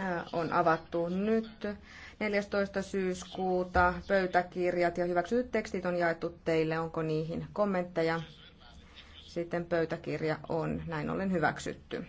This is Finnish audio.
Äh, on avattu nyt. 14. syyskuuta pöytäkirjat ja hyväksytyt tekstit on jaettu teille. Onko niihin kommentteja? Sitten pöytäkirja on näin ollen hyväksytty.